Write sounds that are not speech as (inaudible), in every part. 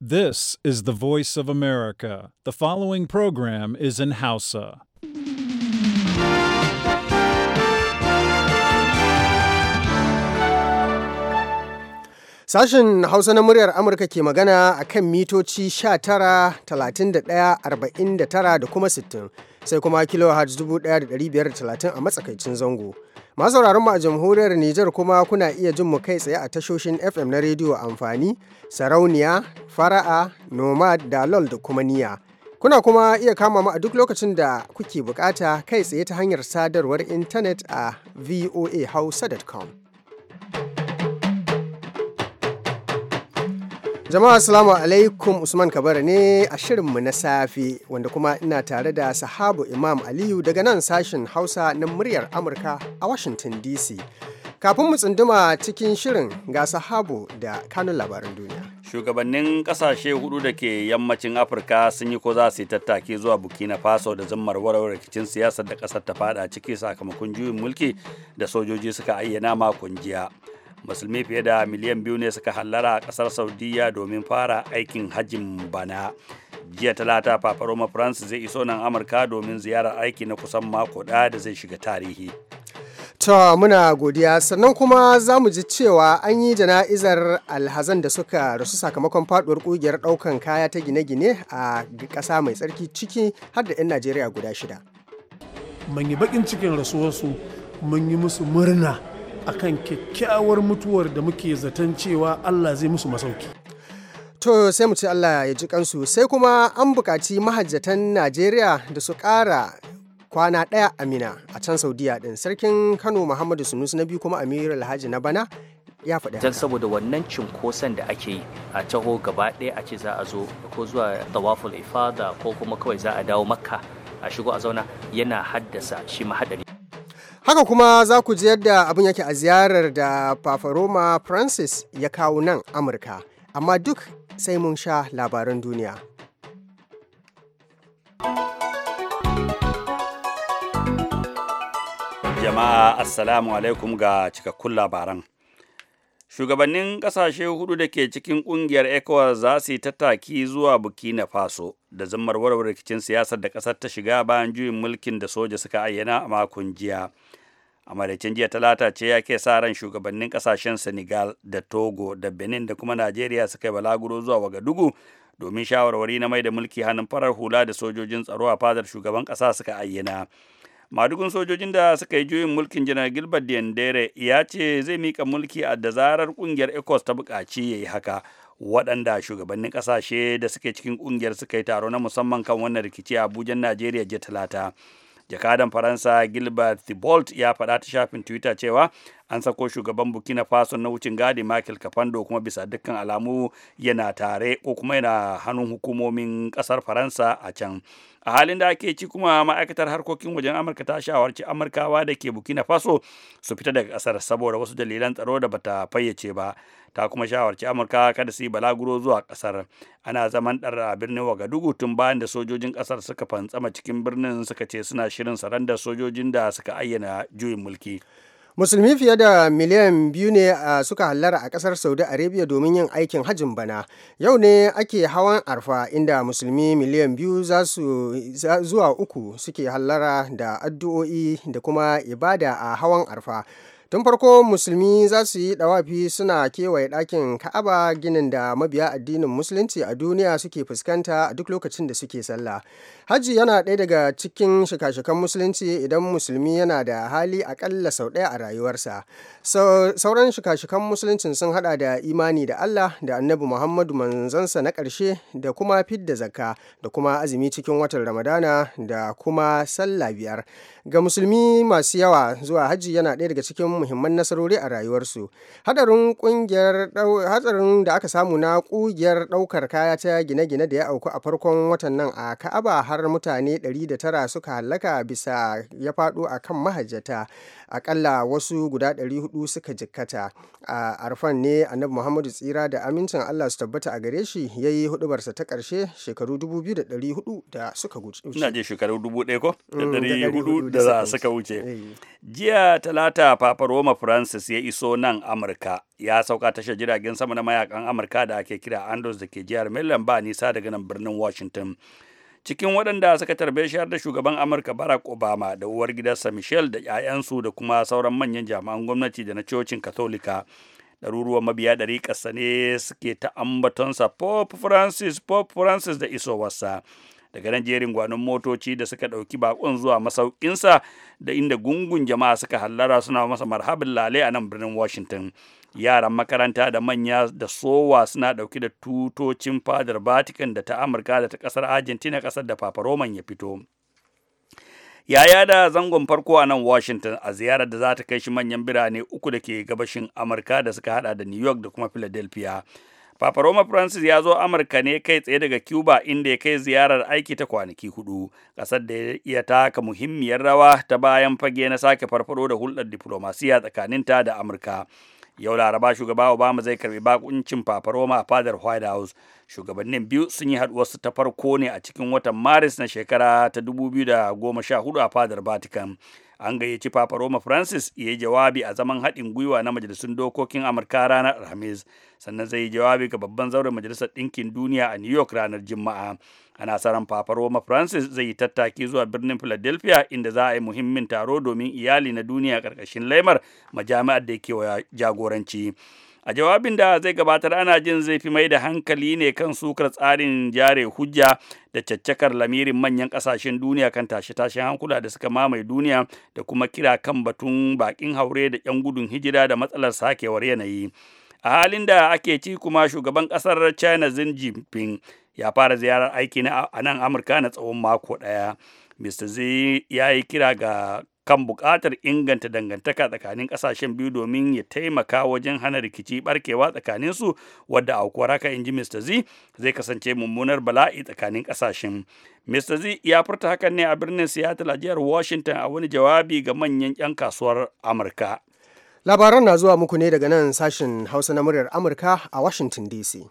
This is the voice of America. The following program is in Hausa. Sashen Hausa na muryar Amurka ke magana a kan mitoci 19, 31, 49 da kuma 60, sai kuma kilohertz 1530 a matsakaicin zango. Masauraran mu a jamhuriyar Nijar kuma kuna iya jin mu kai tsaye a tashoshin FM na rediyo amfani, sarauniya, fara'a, nomad, da lol da kuma niya. Kuna kuma iya kama mu a duk lokacin da kuke bukata kai tsaye ta hanyar sadarwar intanet a voahausa.com. Jama'a assalamu alaikum Usman Kabara ne a shirinmu na safe wanda kuma ina tare da sahabu Imam Aliyu daga nan sashen Hausa na muryar Amurka a Washington DC. Kafin mu tsunduma cikin shirin ga sahabu da kanun labaran duniya. Shugabannin kasashe hudu da ke yammacin Afirka sun yi ko za su yi tattaki zuwa Burkina Faso da zammar warware rikicin siyasar da kasar ta fada ciki sakamakon juyin mulki da sojoji suka ayyana makon jiya. musulmi fiye da miliyan biyu ne suka hallara a kasar saudiya domin fara aikin hajjin bana jiya talata papa roma france zai iso nan amurka domin ziyarar aiki na kusan mako ɗaya da zai shiga tarihi To muna godiya sannan kuma za mu ji cewa an yi jana'izar alhazan da suka rasu sakamakon faduwar kugiyar daukan kaya ta gine-gine a kasa mai tsarki ciki har da 'yan Najeriya guda shida. Mun yi bakin cikin rasuwarsu mun yi musu murna akan kyakkyawar mutuwar da muke zaton cewa Allah zai musu masauki. To sai mu ci Allah ya ji kansu sai kuma an bukaci mahajjatan Najeriya da su ƙara kwana ɗaya Amina a can Saudiya ɗin sarkin Kano Muhammadu Sunusu na biyu kuma Amir Alhaji na bana ya faɗi don saboda wannan cinkoson da ake yi a taho gaba ɗaya a ce za a zo ko zuwa tawaful ifada ko kuma kawai za a dawo makka a shigo a zauna yana haddasa shi mahadari Haka kuma za ku ji yadda abin yake a ziyarar da Paparoma Francis ya kawo nan Amurka, amma duk sai mun sha labaran duniya. Jama'a Assalamu alaikum ga cikakkun labaran. Shugabannin ƙasashe hudu da ke cikin ƙungiyar ECOWAS za su yi tattaki zuwa na Faso da zammar warware rikicin siyasar da ƙasar ta shiga bayan juyin mulkin da soja suka ayyana a makon jiya. a madacin jiya talata ce ya ke sa ran shugabannin kasashen senegal da togo da benin da kuma najeriya suka yi balaguro zuwa wagadugu domin shawarwari na mai da mulki hannun farar hula da sojojin tsaro a fadar shugaban kasa suka ayyana madugun sojojin da suka yi juyin mulkin janar gilbert diendere ya ce zai mika mulki a da zarar kungiyar ecos ta bukaci ya yi haka waɗanda shugabannin kasashe da suke cikin kungiyar suka yi taro na musamman kan wannan rikici a abujan najeriya jiya talata jakadan faransa gilbert thibault ya faɗa ta shafin twitter cewa an sako shugaban burkina faso na wucin gadi michael kafando kuma bisa dukkan alamu yana tare ko kuma yana hannun hukumomin kasar faransa a can a halin da ake ci kuma ma'aikatar harkokin wajen amurka ta shawarci amurkawa da ke bukina faso su fita daga kasar saboda wasu dalilan tsaro da bata fayyace ba ta kuma shawarci amurka kada su yi balaguro zuwa kasar ana zaman ɗara a birnin wagadugu tun bayan da sojojin kasar suka fantsama cikin birnin suka ce suna shirin da sojojin da suka ayyana juyin mulki musulmi fiye da miliyan biyu ne suka hallara a kasar saudi arabia domin yin aikin hajjin bana yau ne ake hawan arfa inda musulmi miliyan biyu za su zuwa uku suke hallara da addu'o'i da kuma ibada a hawan arfa tun farko musulmi za su yi dawafi suna kewaye ɗakin ka'aba ginin da mabiya addinin musulunci a duniya suke fuskanta a duk lokacin da suke sallah hajji yana ɗaya daga cikin shika-shikan musulunci idan musulmi yana da hali akalla sau ɗaya a rayuwarsa sauran shika-shikan musuluncin sun hada da imani da allah da annabi muhammadu manzansa na ƙarshe da kuma fidda zakka da kuma azumi cikin watan ramadana da kuma sallah biyar ga musulmi masu yawa zuwa hajji yana ɗaya daga cikin muhimman nasarori a rayuwarsu hadarin kungiyar hatsarin da aka samu na kungiyar daukar kaya ta gine-gine da ya auku a farkon watan nan a Ka'aba har mutane 109 suka halaka bisa ya fado a kan mahajjata akalla wasu guda 400 suka jikkata a arfan ne annabi Muhammadu tsira da amincin Allah su tabbata a gare shi yi hudubarsa ta karshe shekaru 2400 da suka wuce ina je shekaru 1000 ko da 400 mm, da suka wuce eh. jiya talata papar Roma Francis ya iso nan Amurka ya sauka tashar jiragen sama na mayakan Amurka da ake kira Andos da ke jihar Maryland ba nisa daga nan birnin Washington. Cikin waɗanda suka tarbe shi har da shugaban Amurka Barack Obama da uwar gidansa Michelle da 'ya'yansu da kuma sauran manyan jami'an gwamnati da na cocin Katolika. ɗaruruwan mabiya ɗari ƙasa ne suke ta ambatonsa Pope Francis, Pope Francis da isowarsa. daga nan jerin gwanon motoci da suka ɗauki bakon zuwa masaukinsa da inda gungun jama'a suka hallara suna masa marhabin lalai a nan birnin washington yaran makaranta da manya da sowa suna ɗauki da tutocin fadar vatican da ta amurka da ta ƙasar argentina ƙasar da papa roman ya fito yaya da zangon farko a nan washington a ziyarar da za ta kai shi manyan birane uku da ke gabashin amurka da suka hada da new york da kuma philadelphia Papa Roma Francis ya zo Amurka ne kai tsaye daga Cuba inda ya kai ziyarar aiki ta kwanaki hudu, ƙasar da ya taka muhimmiyar rawa ta bayan fage na sake farfado da hulɗar diplomasiya tsakaninta da Amurka. Yau Laraba shugaba Obama zai karbi bakuncin Papa Roma a fadar White House. Shugabannin biyu sun yi haɗuwarsu ta farko ne a cikin watan Maris na shekara ta 2014 a fadar Vatican. an gayyaci Papa Roma Francis ya yi jawabi a zaman haɗin gwiwa na majalisun dokokin Amurka ranar Alhamis sannan zai yi jawabi ga babban zauren majalisar ɗinkin duniya a New York ranar Juma'a. Ana tsaron Papa Roma Francis zai yi tattaki zuwa birnin Philadelphia inda za a yi muhimmin taro domin iyali na duniya ƙarƙashin laimar majami'ar da ke jagoranci. a jawabin da zai gabatar ana jin zai fi mai da hankali ne kan sukar tsarin jare hujja da caccakar lamirin manyan kasashen duniya kan tashe-tashen hankula da suka mamaye duniya da kuma kira kan batun bakin haure da 'yan gudun hijira da matsalar sakewar yanayi a halin da ake ci kuma shugaban kasar china xi jinping ya fara ziyarar aiki na a nan amurka na tsawon mako daya mr ya yi kira ga kan buƙatar inganta dangantaka tsakanin ƙasashen biyu domin ya taimaka wajen hana rikici barkewa tsakanin su wadda aukuwar haka in ji Mr. Z zai kasance mummunar bala'i tsakanin ƙasashen. Mr. Z ya furta hakan ne a birnin Seattle a jihar Washington a wani jawabi ga manyan 'yan kasuwar Amurka. Labaran na zuwa muku ne daga nan sashen Hausa na muryar Amurka a Washington DC.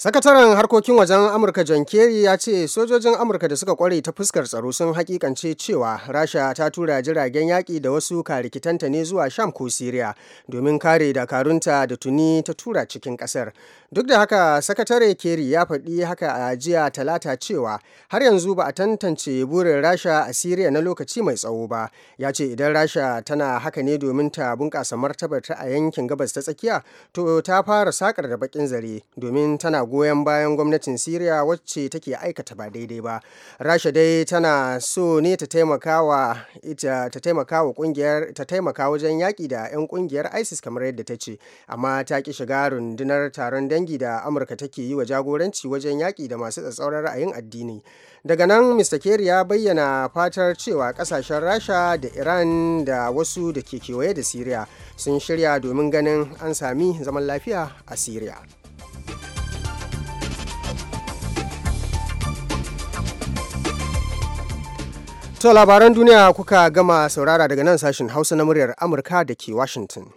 Sakataren harkokin wajen Amurka John Kerry ya ce sojojin Amurka da suka kware ta fuskar tsaro sun hakikance cewa Rasha ta tura jiragen yaƙi da wasu karikitanta ne zuwa Sham ko Syria, domin kare dakarunta da tuni ta tura cikin ƙasar. Duk da haka sakatare Kerry ya faɗi haka a jiya talata cewa har yanzu ba a tantance burin Rasha a Siriya na lokaci mai tsawo ba. Ya ce idan Rasha tana haka ne domin ta bunƙasa martabar ta a yankin gabas ta tsakiya to ta fara sakar da baƙin zare domin tana goyon bayan gwamnatin syria wacce take aikata ba daidai ba. Rasha dai tana so ne ta taimaka wa ta taimaka kungiyar ta taimaka wajen yaƙi da 'yan kungiyar ISIS kamar yadda ta ce, amma ta ki shiga rundunar taron dangi da Amurka take yi wa jagoranci wajen yaƙi da masu tsatsauran ra'ayin addini. Daga nan Mr. Kerry ya bayyana fatar cewa kasashen Rasha da Iran da wasu da ke kewaye da syria sun shirya domin ganin an sami zaman lafiya a syria. To labaran duniya kuka gama saurara daga nan sashen Hausa na muryar Amurka da ke Washington.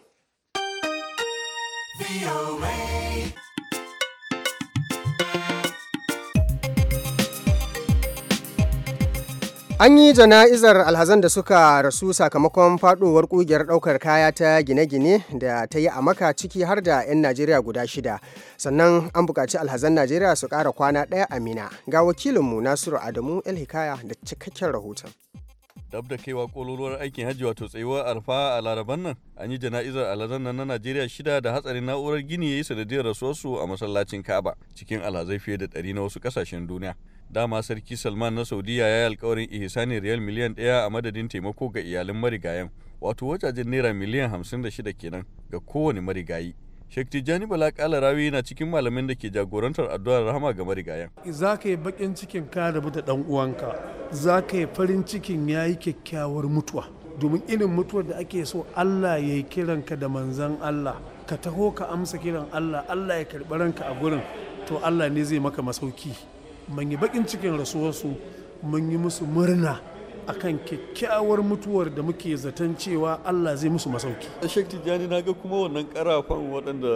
An yi jana'izar alhazan da suka rasu sakamakon faɗowar ƙungiyar ɗaukar kaya ta gine-gine da ta yi a maka ciki har da 'yan Najeriya guda shida. Sannan an buƙaci alhazan Najeriya su ƙara kwana ɗaya a Mina. Ga wakilinmu Nasiru Adamu El Hikaya da cikakken rahoton. dab da kaiwa kololuwar aikin hajji wato tsayuwar alfa a laraban nan an yi jana'izar alhazan nan na najeriya shida da hatsarin na'urar gini ya yi sanadiyar rasuwarsu a masallacin kaba cikin alhazai fiye da ɗari na wasu ƙasashen duniya dama sarki salman na saudiya ya yi alkawarin ihsanin riyal miliyan ɗaya a madadin taimako ga iyalan marigayen wato wajajen naira miliyan hamsin da shida kenan ga kowane marigayi Sheikh Tijjani Bala Kalarawi yana cikin malamin da ke jagorantar addu'ar rahama ga marigayen. Za ka yi bakin cikin ka rabu da ɗan uwanka, za ka yi farin cikin ya yi kyakkyawar mutuwa. Domin irin mutuwar da ake so Allah ya yi kiranka da manzan Allah, ka taho ka amsa kiran Allah, Allah ya karɓi ranka a gurin, to Allah ne zai maka masauki. mun yi bakin cikin rasuwarsu mun yi musu murna akan kyakkyawar mutuwar da muke zaton cewa Allah zai musu masauki. A eh, Sheikh Tijjani na ga kuma wannan karafan waɗanda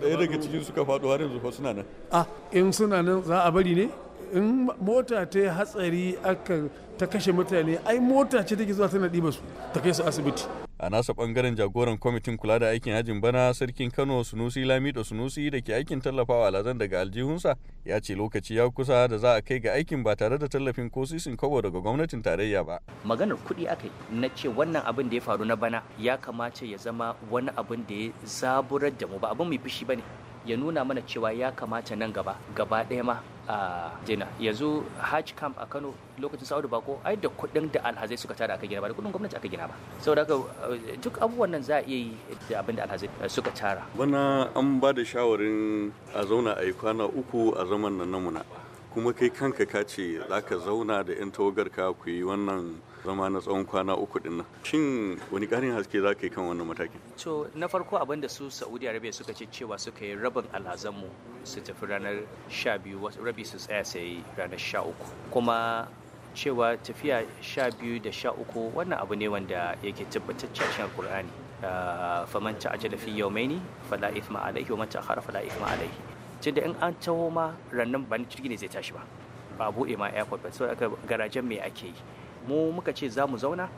ɗaya daga cikin suka faɗo har yanzu fa suna nan. Ah, in suna nan za a bari ne? In mota ta yi hatsari aka ta kashe mutane ai mota ce take zuwa tana ɗiba su ta kai su asibiti. a nasa bangaren jagoran kwamitin kula da aikin hajin bana sarkin kano sunusi lamido sunusi da ke aikin tallafawa alazan daga aljihunsa ya ce lokaci ya kusa da za a kai ga aikin ba tare da tallafin ko sisin kobo daga gwamnatin tarayya ba maganar kuɗi aka yi na ce wannan abin da ya faru na bana ya kamata ya zama wani abin da ya zaburar da mu ba abin mai fushi ba ne ya nuna mana cewa ya kamata nan gaba gaba ɗaya ma a jena yanzu hajj camp a kano lokacin sa'udu bako ai da kuɗin da alhazai suka tara aka gina ba da kuɗin gwamnati aka gina ba saboda haka eh, duk abubuwan nan za a iya yi da abin da alhazai suka tara bana an ba da shawarin a zauna a yi kwana uku a zaman nan namuna kuma kai kanka ka ce za ka zauna da 'yan tawagar ka ku yi wannan zama na tsawon kwana uku din nan shin wani karin haske za ka yi kan wannan matakin to na farko abin da su saudi arabia suka ce cewa suka yi rabin alhazanmu su tafi ranar 12 rabi su tsaya sai ranar 13 kuma cewa tafiya sha biyu da sha uku wannan abu ne wanda yake tabbataccen shan qur'ani ah, faman ta'ajjala fi yawmaini fala ithma alayhi wa man ta'akhkhara fala ithma alayhi tunda in an taho ma rannan ba jirgi ne zai tashi ba ba a buɗe ma airport ba sai aka garajen me ake yi mu muka ce za mu zauna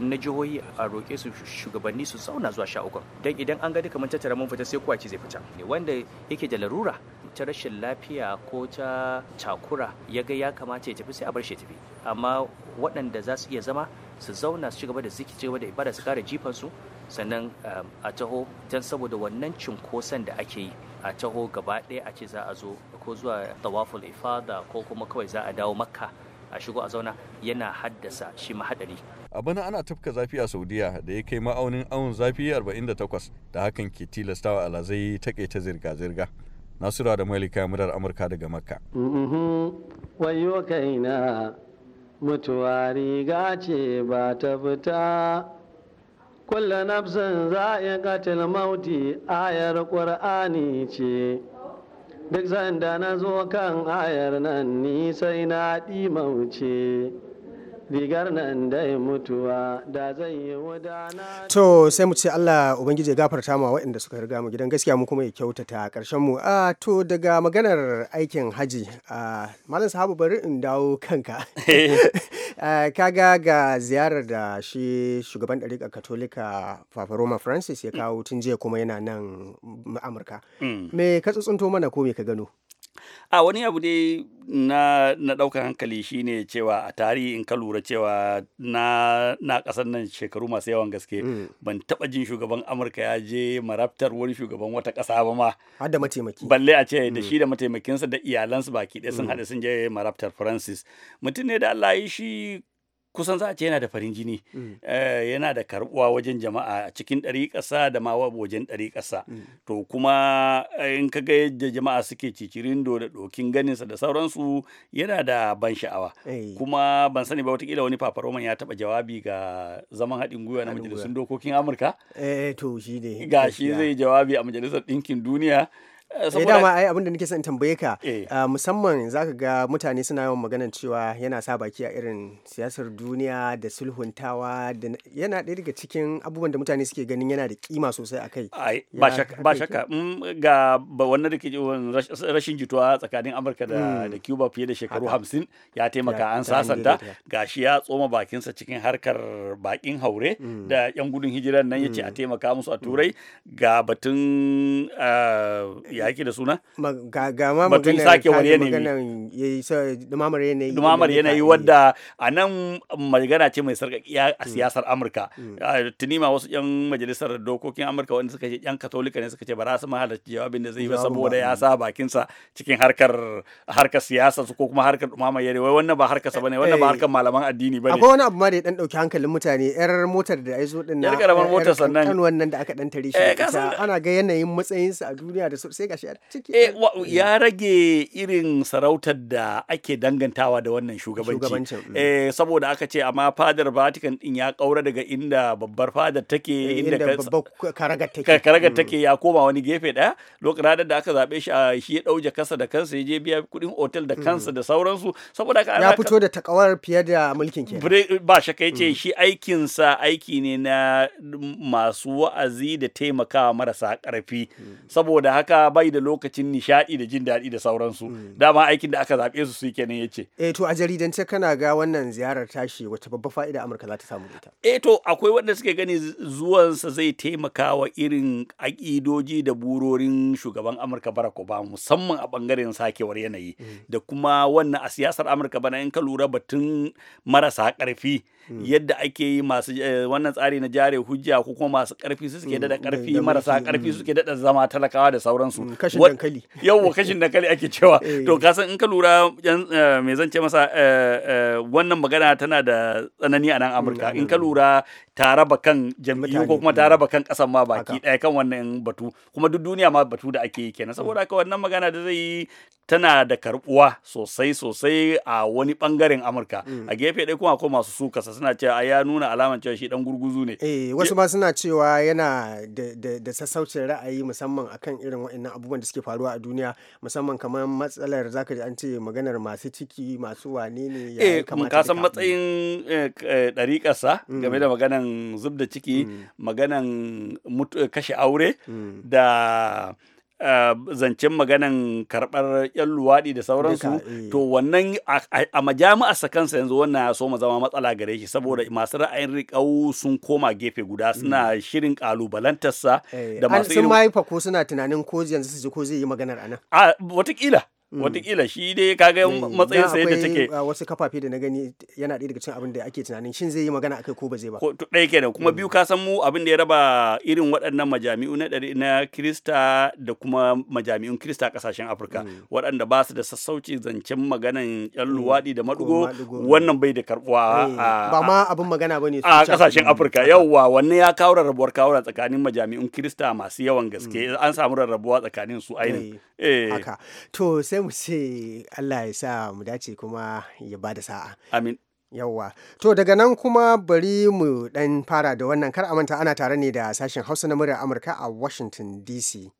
na jihohi a roƙe su shugabanni su zauna zuwa sha uku don idan an ga duka mun tattara mun fita sai kowa ce zai fita wanda yake da larura ta rashin lafiya ko ta takura ya ga ya kamata ya tafi sai a bar shi tafi amma waɗanda za su iya zama su zauna su gaba da ziki cigaba da ibada su kara jifan su sannan eh, a taho don saboda wannan cinkoson da ake yi a taho gaba ɗaya a ce za a zo ko zuwa tawaful ifada ko kuma kawai za a dawo makka a shigo a zauna yana haddasa shi mahadari. a bana ana tafka zafi a saudiya da ya kai ma'aunin awon zafi 48 da hakan ke tilastawa alazai ta zirga-zirga nasura da malika mudar amurka daga makka wayo kaina mutuwa riga ce ba ta fita kulla nafsin za'iqatil mauti ayar qur'ani ce duk sanda na zo kan ayar nan ni sai na ɗi mauce rigar nan dai mutuwa da zai yi wadana to sai mu ce Allah ubangiji ya gafarta ma waɗanda suka riga mu gidan gaskiya mu kuma ya kyautata ƙarshen mu a to daga maganar aikin haji malam sahabu bari in dawo kanka (laughs) (laughs) kaga ga ziyarar da shi shugaban ɗariƙar katolika papa francis ya kawo tun jiya kuma yana nan amurka mm. me ka tsuntsunto mana ko me ka gano a wani abu dai na na ɗaukar hankali shine cewa a tarihi in ka lura cewa na na ƙasar nan shekaru masu yawan gaske hmm. ban taɓa jin shugaban amurka ya je marabtar wani shugaban wata ƙasa ba ma har da mataimaki balle a ce da hmm. shi da mataimakinsa da iyalansa baki ɗaya sun hmm. haɗa sun je marabtar francis mutum ne da allah yi shi kusan za a ce yana da farin jini mm. eh, yana da karbuwa wajen jama'a cikin ɗari ƙasa da ma wajen ɗari ƙasa mm. to kuma eh, in ka ga yadda jama'a suke do da ɗokin ganinsa da sauransu yana da ban sha'awa eh. kuma ban sani ba watakila wani fafaroman ya taɓa jawabi ga zaman haɗin gwiwa na majalisun dokokin amurka to ga shi zai jawabi a majalisar ɗinkin duniya Eh, eh, saboda ma ai abin da nake son tambaye ka eh. ah, musamman zaka ga mutane suna yawan maganar cewa yana sa baki a irin siyasar duniya da sulhuntawa da yana ɗaya daga cikin abubuwan da mutane suke ganin yana da kima sosai a kai ba shakka mm, ga wannan da ke rashin jituwa tsakanin amurka da mm. cuba fiye da shekaru hamsin ya taimaka an sasanta shi ya tsoma bakinsa cikin harkar bakin haure mm. da yan gudun hijirar nan ya ce a taimaka musu a turai ga batun ah, ya yake da suna ga ma ya sake wani yanayi dumamar yanayi dumamar yanayi wadda a nan magana ce mai sarƙaƙiya a mm. siyasar Amurka mm. tuni ma wasu yan majalisar dokokin Amurka wanda suka ce yan katolika ne suka ce ba za su mahalarci jawabin da zai ba saboda ya sa bakinsa cikin harkar harkar siyasa su ko kuma harkar dumamar yanayi wai wannan ba harkarsa bane wannan ba eh, eh. harkar malaman addini bane akwai wani abu ma da ya dan dauki hankalin mutane yar motar da ya zo ɗin na yar motar sannan kan wannan da aka ɗan tare shi eh, ana ga yanayin matsayinsa a duniya da sosai sai shayar ciki eh, eh ya rage irin sarautar da ake dangantawa da wannan shugabanci shugabanci. Mm. eh saboda aka ce amma fadar Vatican din ya kaura daga inda babbar fadar take eh, inda karagar take karagar mm. take ya koma wani gefe daya lokacin da aka zabe shi shi ya dauje kasa da kansa ya je biya kudin otel da mm. kansa da sauransu saboda haka ya fito da takawar fiye da mulkin ke ba shakka yace shi aikinsa aiki ne na masu wa'azi da taimakawa marasa ƙarfi saboda haka bai da lokacin nishaɗi da jin daɗi da sauransu mm. dama aikin da aka zaɓe su suke nan ya ce eh to a jaridance kana ga wannan ziyarar tashi wata babba fa'ida amurka za ta samu ita eh to akwai wanda suke gani zuwansa zai taimaka wa irin aƙidoji da burorin shugaban amurka barack obama musamman a bangaren sakewar yanayi mm. da kuma wannan a siyasar amurka bana in ka lura batun marasa ƙarfi mm. yadda ake yi masu eh, wannan tsari na jare hujja ko kuma masu ƙarfi su suke dada ƙarfi marasa ƙarfi suke daɗa zama talakawa da sauransu Mm, kashin dankali (laughs) yawwa kashin dankali ake cewa eh. to kasan in ka lura mai eh, me masa eh, wannan magana tana da tsanani a nan mm, Amurka mm, in ka lura ta raba kan jam'iyyu ko kuma ta eh, raba kan kasan ma baki ɗaya kan wannan batu kuma duk duniya ma batu da ake yi kenan mm. saboda haka wannan magana da zai yi tana da karbuwa sosai sosai a wani bangaren Amurka mm. a gefe ɗaya kuma ko masu suka suna cewa ya nuna alaman cewa shi dan gurguzu ne eh wasu ma suna cewa yana da sassaucin ra'ayi musamman akan irin waɗannan abubuwan da suke faruwa a duniya musamman kamar matsalar zaka ji an ce maganar masu ciki masu wane ne ya eh, kamata ka san mm. matsayin eh, ɗariƙarsa game da maganar maganan zub da ciki mm. maganan kashe aure mm. da eh, zancen maganan karɓar 'yan luwaɗi da sauransu eh. to wannan a majami'arsa kansa yanzu wannan ya so mu zama matsala gare shi saboda mm. masu ra'ayin riƙau sun koma gefe guda suna shirin ƙalubalantarsa eh. da masu sun mahaifa ko suna tunanin ko yanzu su ji ko zai yi maganar anan a watakila Mm. Wataƙila shi dai kaga mm. matsayin sai da take ah, wasu kafafe da na gani yana ɗaya daga cikin abin da ake tunanin shin zai yi magana akai ko ba zai ba ko ɗaya kenan kuma mm. biyu ka san mu abin da ya raba irin waɗannan majami'u na ɗari na Kirista da kuma majami'un Kirista ƙasashen Afirka waɗanda ba su da sassauci zancen maganan ƴan luwaɗi da maɗugo wannan bai da karɓuwa eh, ba ma abin magana ba su. a ƙasashen Afirka yawwa wannan ya kawo rarrabuwar na tsakanin majami'un Kirista masu yawan gaske an samu rarrabuwa tsakanin su ainihin eh haka eh. to sai sai mu ce Allah ya sa mu dace kuma ya ba da sa'a amin yawwa to daga nan kuma bari mu ɗan fara da wannan kar manta ana tare ne da sashen hausa na muryar amurka a washington dc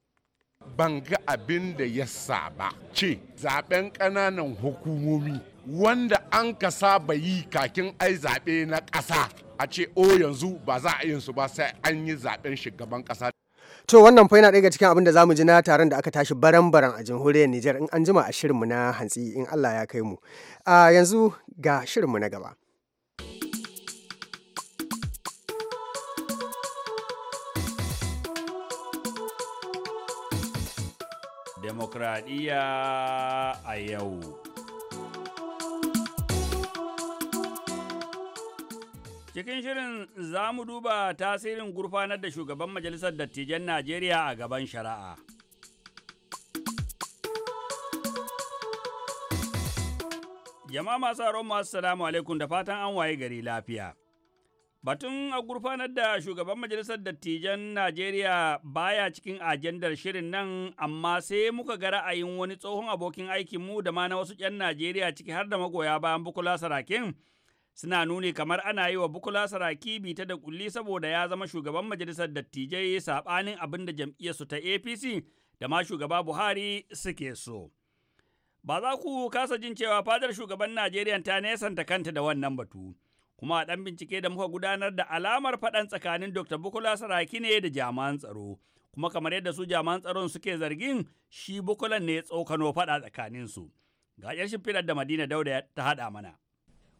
ban ga abin da ya saba ce zaben ƙananan hukumomi wanda an ka saba yi kakin ai zaɓe na ƙasa a ce o oh, yanzu ba za a yin su ba sai an yi zaɓen shugaban ƙasa To wannan fa na daga cikin abin da zamu ji na taron da aka tashi baran-baran a jamhuriyar Nijar in an jima a shirinmu na hantsi in Allah ya kai mu. A yanzu ga shirinmu na gaba. Demokradiyya a yau. Cikin shirin za mu duba tasirin gurfanar da shugaban Majalisar Dattijan Najeriya a gaban shari'a. Jama'a masu haron masu salamu alaikum da fatan an waye gari lafiya. Batun a gurfanar da shugaban Majalisar Dattijan Najeriya baya cikin ajandar shirin nan amma sai muka ga ra'ayin wani tsohon abokin aikinmu da ma na wasu 'yan Najeriya ciki har da magoya bayan Bukula Sarakin. suna nuni kamar ana yi wa Bukula Saraki bita da kulli saboda ya zama shugaban majalisar dattijai saɓanin abin da jam'iyyarsu ta APC da ma shugaba Buhari suke so. Ba za ku kasa jin cewa fadar shugaban Najeriya ta nesanta kanta da wannan batu. Kuma a ɗan bincike da muka gudanar da alamar faɗan tsakanin Dr. Bukula Saraki ne da jami'an tsaro. Kuma kamar yadda su jami'an tsaron suke zargin shi Bukulan ne tsokano faɗa tsakaninsu. Ga ƙarshen shimfiɗar da Madina Dauda ta haɗa mana.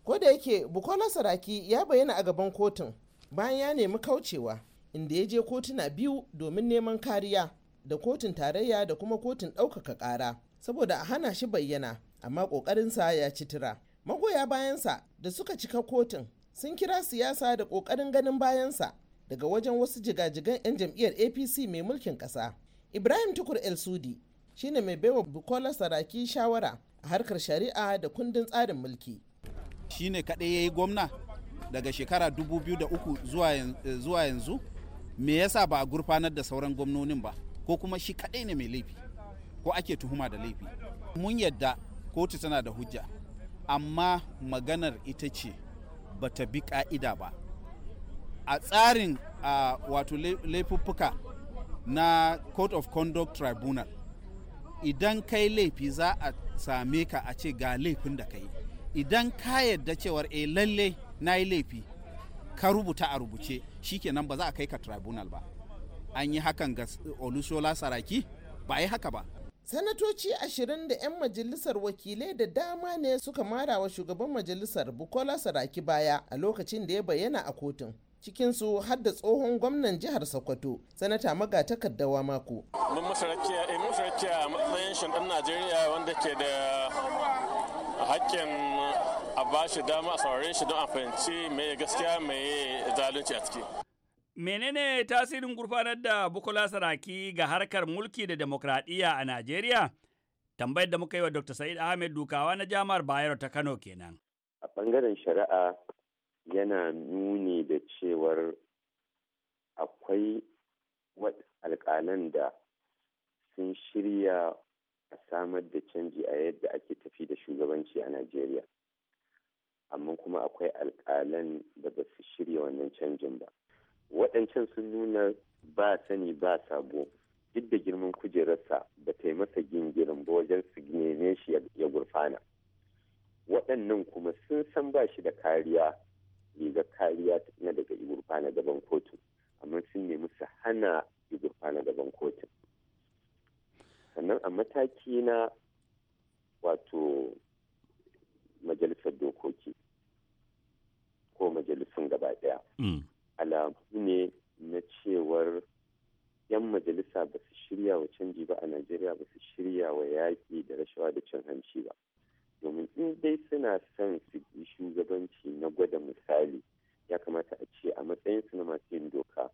ko da yake bukola saraki ya bayyana a gaban kotun bayan ya nemi kaucewa inda ya je kotuna biyu domin neman kariya da kotun tarayya da kuma kotun ɗaukaka ƙara saboda a hana shi bayyana amma ƙoƙarinsa ya ci tura magoya bayansa da suka cika kotun sun kira siyasa da ƙoƙarin ganin bayansa daga wajen wasu jigajigan 'yan jam'iyyar apc mai mulkin ƙasa ibrahim tukur el sudi shine mai baiwa bukola saraki shawara a harkar shari'a da kundin tsarin mulki shi ne kaɗai ya yi gwamna daga shekara 2003 eh, zuwa yanzu me yasa ba a gurfanar da sauran gwamnonin ba ko kuma shi kaɗai ne mai laifi ko ake tuhuma da laifi mun yadda kotu tana da hujja amma maganar ita ce ba ta bi ka'ida ba a tsarin wato laifuffuka na court of conduct tribunal idan kai laifi za a same ka a ce ga laifin da ka yi idan ka yadda cewar eh lalle na yi laifi ka rubuta a rubuce shikenan ba za a kai ka tribunal ba an yi hakan ga olusola saraki ba yi haka ba sanatoci ashirin da 'yan majalisar wakilai da dama ne suka mara wa shugaban majalisar bukola saraki baya a lokacin da ya bayyana a kotun cikinsu har da tsohon gwamnan jihar sokoto sanata maga magatakardawa mako mun masarakiya eh, a matsayin shan najeriya wanda ke da hakkin a ba shi dama a saurare shi don a fahimci mai gaskiya mai zalunci a ciki. Menene tasirin gurfanar da Bukola Saraki ga harkar mulki da demokradiyya a Najeriya? Tambayar da muka yi wa Dr. Sa'id Ahmed Dukawa na Jami'ar Bayero ta Kano kenan. A bangaren shari'a yana nuni da cewar akwai alƙalan da sun shirya a samar da canji a yadda ake tafi da shugabanci a Najeriya. Amma kuma akwai alƙalan da ba su shirya wannan canjin ba. Waɗancan sun nuna ba sani ba sabo duk da girman kujerarsa ba ta yi masa gingirin ba wajen su neme shi ya gurfana. Waɗannan kuma sun san ba shi da kariya rigar kariya na daga gurfana gaban kotu amma sun nemi su hana gurfana gaban kotu. sannan a mataki na wato majalisar dokoki ko majalisun gaba daya hmm. alamu ne na cewar 'yan majalisa ba su shirya wa canji ba a najeriya ba su shirya wa yaƙi da rashawa da cin hanci ba domin in dai suna son su yi shugabanci na gwada misali ya kamata a ce a matsayin su na masu yin doka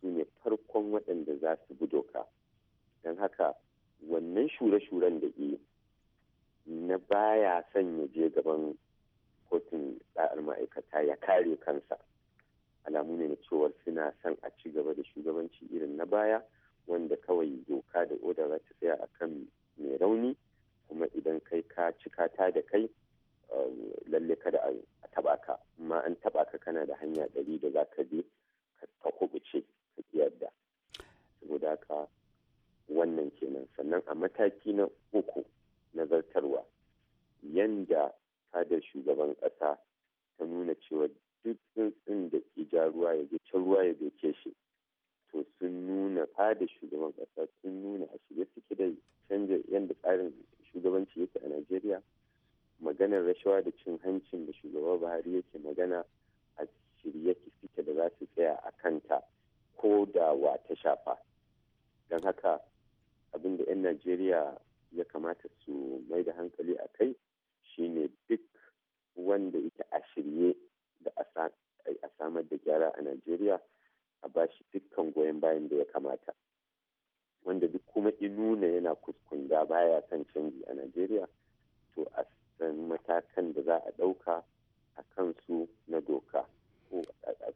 su ne farkon waɗanda za su bi doka don haka wannan shure-shuren da ke na baya son ya je gaban kotun ɗa'ar ma'aikata ya kare kansa alamu ne na cewar suna son a ci gaba da shugabanci irin na baya wanda kawai doka da oda za ta tsaya a kan mai rauni kuma idan kai ka cika ta da kai um, lalle kada a taba ka amma an taba ka kana da hanya ɗari da za ka je ka ta kubuce ka yarda saboda haka wannan kenan sannan a mataki na uku na zartarwa yanda fadar shugaban ƙasa ta nuna cewa duk tsuntsun da ke ja ruwa ya je can ruwa ya doke shi to sun nuna fadar shugaban ƙasa sun nuna a shirye suke da canja yanda tsarin shugabanci yake a najeriya maganar rashawa da cin hancin da shugaba buhari yake magana a shirye suke da za su tsaya a kanta ko da wa ta shafa don haka abin da 'yan najeriya ya kamata su mai da hankali a kai shine duk wanda yake a shirye da a samar da gyara a najeriya a bashi dukkan goyon bayan da ya kamata wanda duk kuma inuna yana kuskunda baya son canji a najeriya to a san matakan da za a ɗauka a kansu na doka ko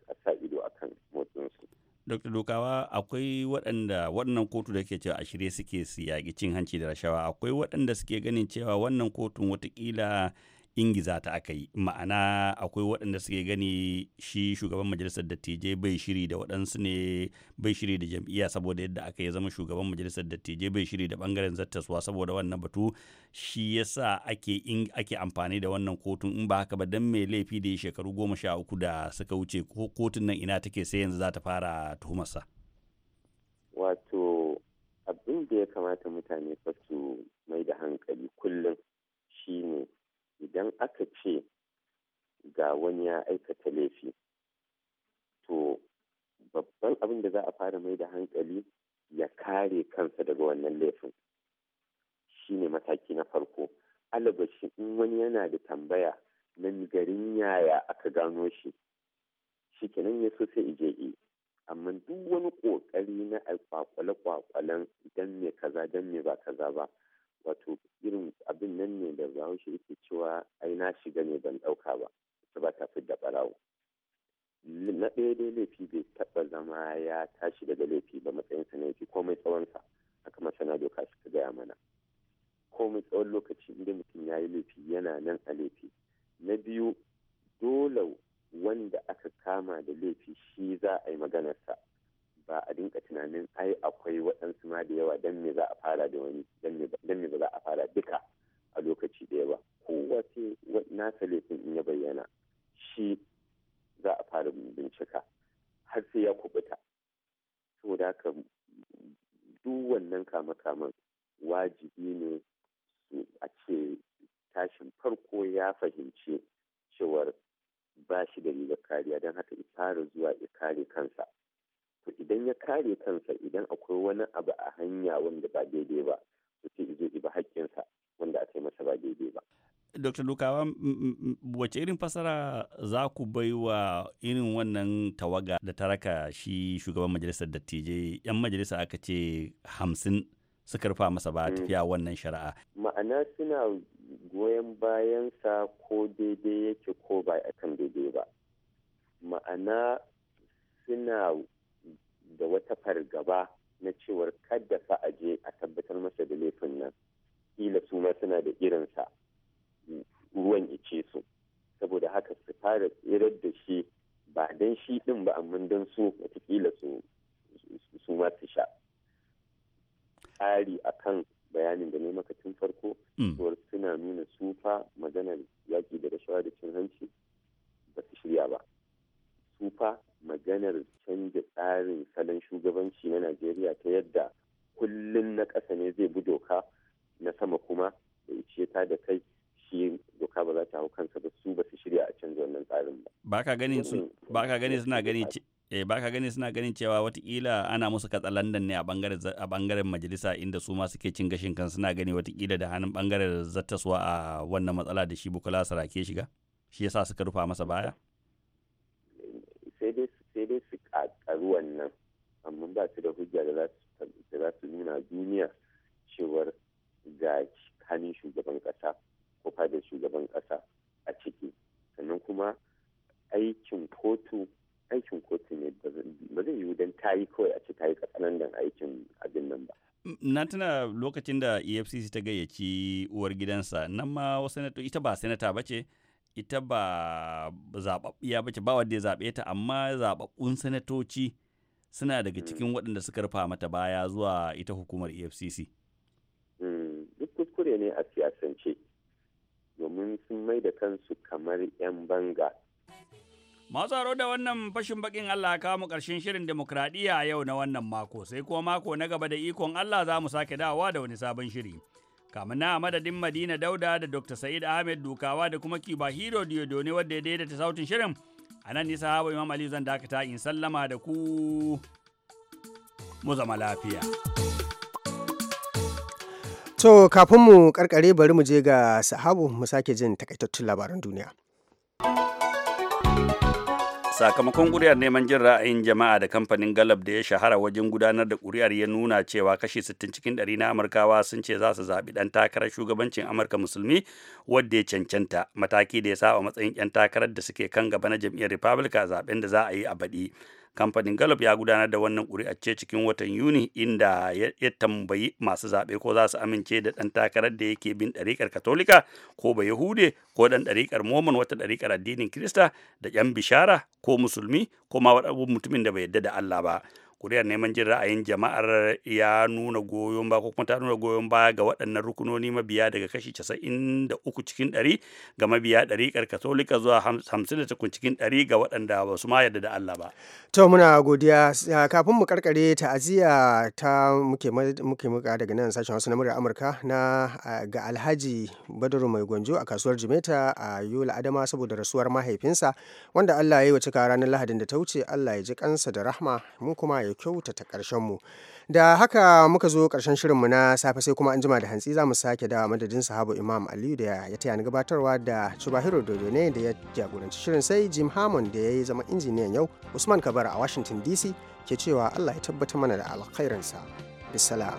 a sa ido a kan motsinsu Dr. Dokawa akwai waɗanda wannan kotu da ke cewa a shirye suke su yaƙi cin hanci da rashawa akwai waɗanda suke ganin cewa wannan kotun watakila ingiza ta aka yi ma'ana akwai waɗanda suke gani shi shugaban majalisar dattijai bai shiri da waɗansu ne bai shiri da jam'iyya saboda yadda aka yi zama shugaban majalisar dattijai bai shiri da ɓangaren zattaswa saboda wannan batu shi yasa ake ake amfani da wannan kotun in ba haka ba dan mai laifi da shekaru goma sha uku da suka wuce ko kotun nan ina take sai yanzu za ta fara tuhumarsa. wato abin da ya kamata mutane su mai da hankali kullum shine idan aka ce ga wani ya aikata laifi to babban abin da za a fara mai da hankali ya kare kansa daga wannan laifin shi ne mataki na farko alabashi in wani yana da tambaya nan garin yaya aka gano shi shi kenan ya so sai ije yi amma duk wani ƙoƙari na kwakwale-kwakwalen don mai kaza don mai ba kaza ba wato irin abin nan ne da bahaushe yake cewa ai na shiga ne ban ɗauka ba ta ba ta fi da barawo. na ɗaya dai laifi bai taɓa zama ya tashi daga laifi ba matsayin na laifi komai tsawonsa haka masana doka suka gaya mana komai tsawon lokaci inda mutum ya yi laifi yana nan a laifi na biyu dole wanda aka kama da laifi shi za a yi maganarsa ba a dinka tunanin ai akwai waɗansu ma da yawa don me za a fara da wani dan me ba za a fara duka a lokaci ɗaya ba kowace na laifin in ya bayyana shi za a fara bincika har sai ya kubuta saboda haka duk wannan kama-kaman wajibi ne a ce tashin farko ya fahimci cewar ba shi da rigar kariya don haka ya fara zuwa ya kare kansa to idan ya kare kansa idan akwai wani abu a hanya wanda ba daidai ba to sai zo ba haƙƙinsa wanda aka yi masa ba daidai ba Dr. Lukawa wace irin fasara za ku bai wa irin wannan tawaga da ta raka shi shugaban majalisar dattijai 'yan majalisa aka ce hamsin suka rufa masa ba hmm. tafiya wannan shari'a. Ma'ana suna goyon bayansa ko daidai yake ko ba a kan daidai ba. Ma'ana suna da wata fargaba na cewar kada fa a je a tabbatar masa da laifin nan kila su ma suna da irinsa ruwan ice su saboda haka su fara tsirar da shi ba dan shi din ba amma dan su watakila su su ma su sha a kan bayanin da ne maka tun farko hmm. cewar suna nuna sufa maganar yaƙi da rashawa da cin hanci ba su shirya ba tufa maganar canja tsarin salon shugabanci na najeriya ta yadda kullum na ƙasa ne zai bi doka na sama kuma da ce ta da kai shi doka ba za ta hau kansa ba su ba su shirya a canza wannan tsarin ba ba ka ganin suna eh ba ka gani suna ganin cewa watakila ana musu katsalandan ne a bangaren majalisa inda su ma suke cin gashin kan suna gani watakila da hannun bangaren zattaswa a wannan matsala da shi bukola sarake shiga shi yasa suka rufa masa baya amma ba su da hujja da za su nuna duniya cewar ga hannun shugaban kasa ko fadar shugaban kasa a ciki sannan kuma aikin kotu aikin kotu ne ba zai yiwu don ta yi kawai a ce ta yi katsalandan aikin abin nan ba. Na tana lokacin da EFCC ta gayyaci uwar gidansa nan ma wasu ita ba sanata ba ce ita ba zaɓaɓɓiya ba ce ba wadda ya zaɓe ta amma zaɓaɓɓun sanatoci suna daga mm. cikin waɗanda suka rufa mata baya zuwa ita hukumar efcc mm, duk kuskure ne a siyasance domin sun mai da kansu kamar 'yan banga masu haro da wannan fashin bakin Allah kawo mu ƙarshen shirin demokradiyya yau na wannan mako sai kuma mako na gaba da ikon Allah za mu sake dawowa da wani sabon shiri kamun na madadin Madina Dauda da Dr. Sa'id Ahmed Dukawa da kuma Kiba Hero ne wadda ya daidaita sautin shirin a nan nisa habu imam Ali zan dakata in sallama da ku mu zama lafiya to kafin mu karkare bari mu je ga sahabu mu sake jin takaitattun labaran duniya sakamakon ƙuri'ar neman jin ra'ayin jama'a da kamfanin galab da ya shahara wajen gudanar da kuri'ar ya nuna cewa kashi 60 cikin 100 na amurkawa sun ce za su zaɓi ɗan takarar shugabancin amurka musulmi wadda ya cancanta mataki da ya saba matsayin 'yan takarar da suke kan gaba na jam'iyyar a zaɓen da za a yi a baɗi kamfanin gallup ya gudanar da wannan ce cikin watan yuni inda ya tambayi masu zaɓe ko za su amince da ɗan takarar da yake bin ɗariƙar katolika ko ba yahude ko ɗan ɗariƙar mormon wata ɗariƙar addinin kirista da yan bishara ko musulmi ko ma mutumin da bai yarda da allah ba kuriyar neman jin ra'ayin jama'ar ya nuna goyon ba ko kuma ta nuna goyon ba ga waɗannan rukunoni mabiya daga kashi 93 cikin 100 ga mabiya ɗariƙar katolika zuwa 58 cikin 100 ga waɗanda ba su ma yarda da Allah ba. To muna godiya ah, kafin mu karkare ta'aziyya ta muke muke muka daga nan sashen wasu na murar Amurka na ah, ga Alhaji Badaru Mai Gwanjo a kasuwar Jimeta a Yola Adama saboda rasuwar mahaifinsa wanda Allah ya yi wa cika ranar Lahadin da ta wuce Allah ya ji kansa da rahma mu kuma ya ya kyautata ƙarshenmu da haka muka zo ƙarshen mu na safe sai kuma an jima da hantsi za mu sake da madadin sahabu imam aliyu da ya taya ni gabatarwa da chubahiro dodo ne da ya jagoranci shirin sai jim hammond da ya yi zama injiniyan yau usman kabara a washington dc ke cewa allah ya tabbatar mana da alkhairinsa bisalam